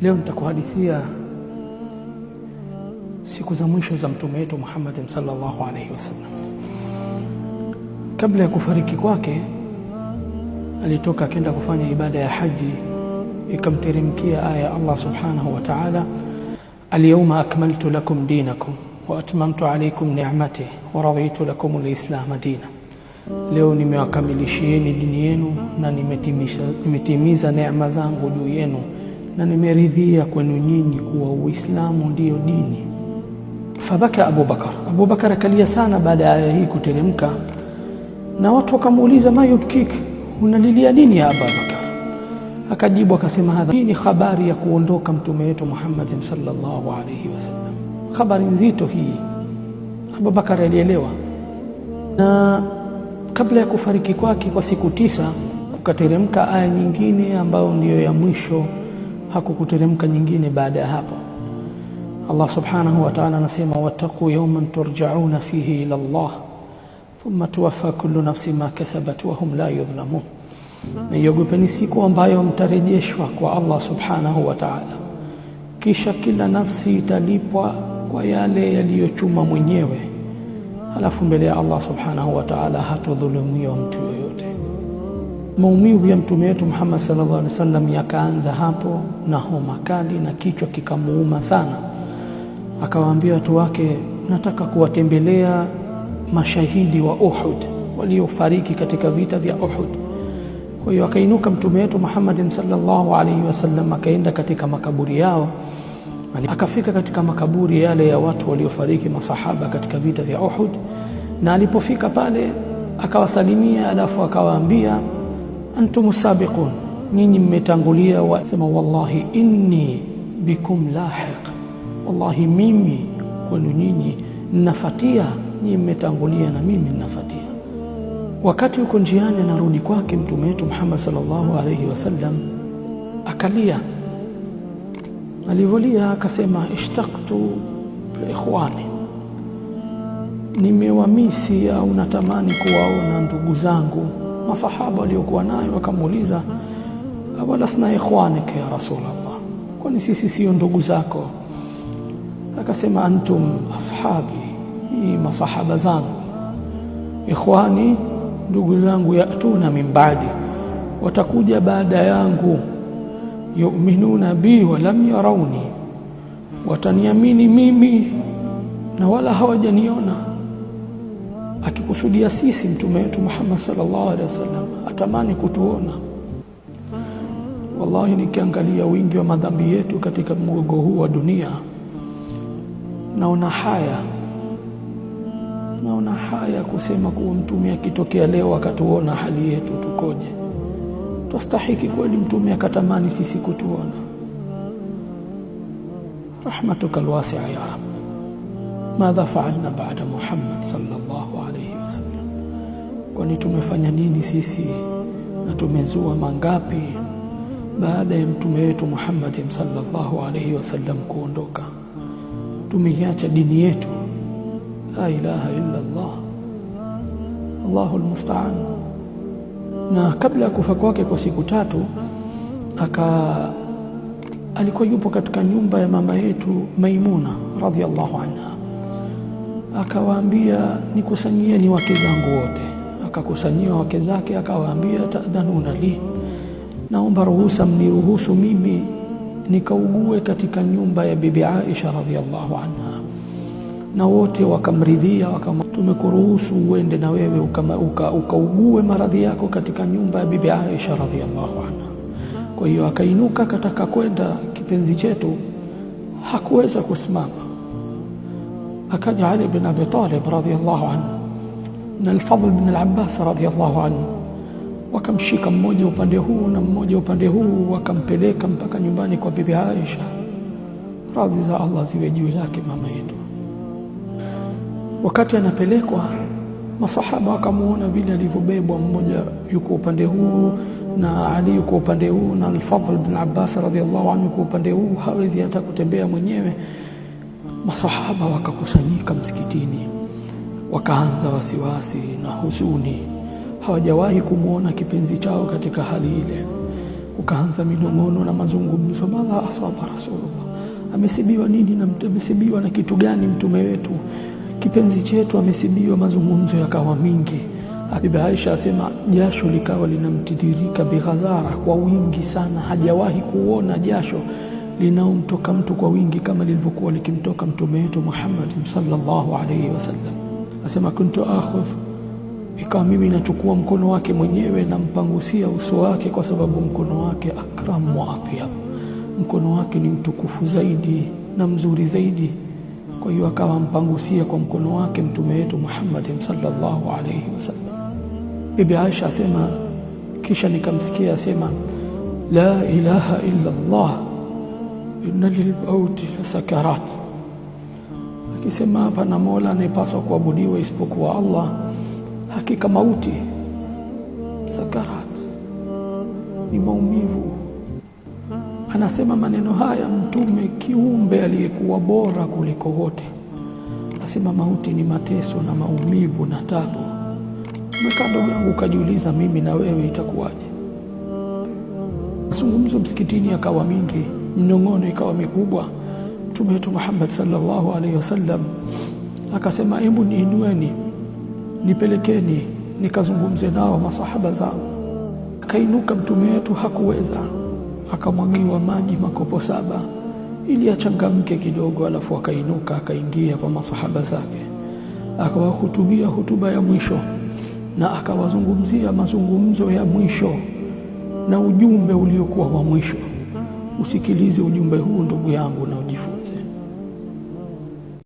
Leo nitakuhadithia siku za mwisho za mtume wetu Muhammad sallallahu alaihi wasallam. Kabla ya kufariki kwake, alitoka akenda kufanya ibada ya haji, ikamteremkia aya ya Allah subhanahu wa ta'ala, al akmaltu lakum dinakum wa atmamtu alaykum ni'mati wa raditu lakum al-islama dina Leo nimewakamilishieni dini yenu na nimetimiza neema zangu juu yenu na nimeridhia kwenu nyinyi kuwa Uislamu ndiyo dini. Fabaka Abubakar, Abubakar akalia sana baada ya aya hii kuteremka, na watu wakamuuliza mayubkik, unalilia nini ya Abubakar? Akajibu akasema hadha, hii ni habari ya kuondoka mtume wetu Muhammadin sallallahu alayhi wasallam. Habari nzito hii. Abubakar alielewa na Kabla ya kufariki kwake kwa siku tisa, kukateremka aya nyingine ambayo ndiyo ya mwisho. Hakukuteremka nyingine baada ya hapo. Allah subhanahu wa ta'ala anasema, wattaqu yawman turjauna fihi ila Allah thumma tuwaffa kullu nafsi ma kasabat wa hum la yudhlamun, naiogopeni siku ambayo mtarejeshwa kwa Allah subhanahu wa ta'ala, kisha kila nafsi italipwa kwa yale yaliyochuma mwenyewe Alafu mbele ya Allah subhanahu wa ta'ala hatudhulumiwa mtu yoyote. Maumivu ya mtume wetu Muhammad sallallahu alaihi wasallam yakaanza hapo na homa kali na kichwa kikamuuma sana, akawaambia watu wake, nataka kuwatembelea mashahidi wa Uhud waliofariki katika vita vya Uhud. Kwa hiyo akainuka mtume wetu Muhammad sallallahu alaihi wasallam akaenda katika makaburi yao Akafika katika makaburi yale ya watu waliofariki masahaba katika vita vya Uhud, na alipofika pale akawasalimia, alafu akawaambia antum sabiqun, nyinyi mmetangulia. Wasema wallahi inni bikum lahiq, wallahi mimi kwenu nyinyi nnafatia, nyinyi mmetangulia na mimi nnafatia. Wakati yuko njiani anarudi kwake, mtume wetu Muhammad sallallahu alayhi wasallam akalia Alivyolia akasema ishtaktu liikhwani, nimewamisi au natamani kuwaona ndugu zangu. Masahaba waliokuwa nayo wakamuuliza awalasna ikhwanik ya Rasulullah, kwani sisi sio ndugu zako? Akasema antum ashabi, hii masahaba zangu, ikhwani, ndugu zangu, yatuna min baadi, watakuja baada yangu yuminuna bi walam yarawni, wataniamini mimi na wala hawajaniona. Akikusudia sisi mtume wetu Muhammad sallallahu alaihi wasallam atamani kutuona. Wallahi, nikiangalia wingi wa madhambi yetu katika mgogo huu wa dunia, naona haya naona haya kusema kuwa mtume akitokea leo akatuona hali yetu tukoje. Twastahiki kweli Mtume akatamani sisi kutuona? Rahmatuka alwasia ya Rab, madha faalna baada Muhammad sallallahu alayhi wasallam, kwani tumefanya nini sisi na tumezua mangapi baada ya mtume wetu Muhammad sallallahu alayhi wasallam kuondoka? Tumeiacha dini yetu. La ilaha illa Allah, Allahu almusta'an na kabla ya kufa kwake kwa siku tatu aka alikuwa yupo katika nyumba ya mama yetu Maimuna radhiallahu anha, akawaambia nikusanyieni wake zangu wote. Akakusanyia wake zake, akawaambia tadhanuna li, naomba ruhusa, mniruhusu mimi nikaugue katika nyumba ya bibi Aisha radhiallahu anha, na wote wakamridhia wakam tumekuruhusu uende na wewe ukaugue uka maradhi yako katika nyumba ya bibi Aisha radhiallahu anha. Kwa hiyo akainuka kataka kwenda, kipenzi chetu hakuweza kusimama, akaja Ali bin Abi Talib radhiallahu anhu na Alfadhl bin Alabbas radhiallahu anhu, wakamshika mmoja upande huu na mmoja upande huu, wakampeleka mpaka nyumbani kwa bibi Aisha, radhi za Allah ziwe juu yake mama yetu. Wakati anapelekwa masahaba wakamuona vile alivyobebwa, mmoja yuko upande huu na Ali yuko upande huu na Al-Fadhl bin Abbas radhiallahu anhu yuko upande huu, hawezi hata kutembea mwenyewe. Masahaba wakakusanyika msikitini, wakaanza wasiwasi na huzuni, hawajawahi kumwona kipenzi chao katika hali ile. Kukaanza minong'ono na mazungumzo, madha asaba Rasulullah, amesibiwa nini na amesibiwa na kitu gani mtume wetu Kipenzi chetu amesibiwa, mazungumzo yakawa mingi. Habiba Aisha asema jasho likawa linamtitirika bighadhara kwa wingi sana, hajawahi kuona jasho linaomtoka mtu kwa wingi kama lilivyokuwa likimtoka mtume wetu Muhammad sallallahu alaihi wasallam. Asema kuntu akhudh, ikawa mimi nachukua mkono wake mwenyewe nampangusia uso wake, kwa sababu mkono wake akram wa atyab, mkono wake ni mtukufu zaidi na mzuri zaidi kwa hiyo akawa mpangusia kwa mkono wake mtume wetu Muhammadin sallallahu alayhi wasallam. Bibi Aisha asema, kisha nikamsikia asema, la ilaha illa Allah inna lilmauti lasakarat, akisema hapana mola anayepaswa kuabudiwa isipokuwa Allah, hakika mauti sakarat ni maumivu Anasema maneno haya Mtume, kiumbe aliyekuwa bora kuliko wote, asema mauti ni mateso na maumivu na tabu. Umekaa ndugu yangu ukajiuliza, mimi na wewe itakuwaje? Mazungumzo msikitini akawa mingi, mnong'ono ikawa mikubwa. Mtume wetu Muhammad sallallahu alaihi wasallam akasema, hebu niinueni, nipelekeni nikazungumze nao masahaba zangu. Akainuka mtume wetu, hakuweza akamwagiwa maji makopo saba ili achangamke kidogo, alafu akainuka akaingia kwa masahaba zake akawahutubia hutuba ya mwisho na akawazungumzia mazungumzo ya mwisho na ujumbe uliokuwa wa mwisho. Usikilize ujumbe huu ndugu yangu na ujifunze.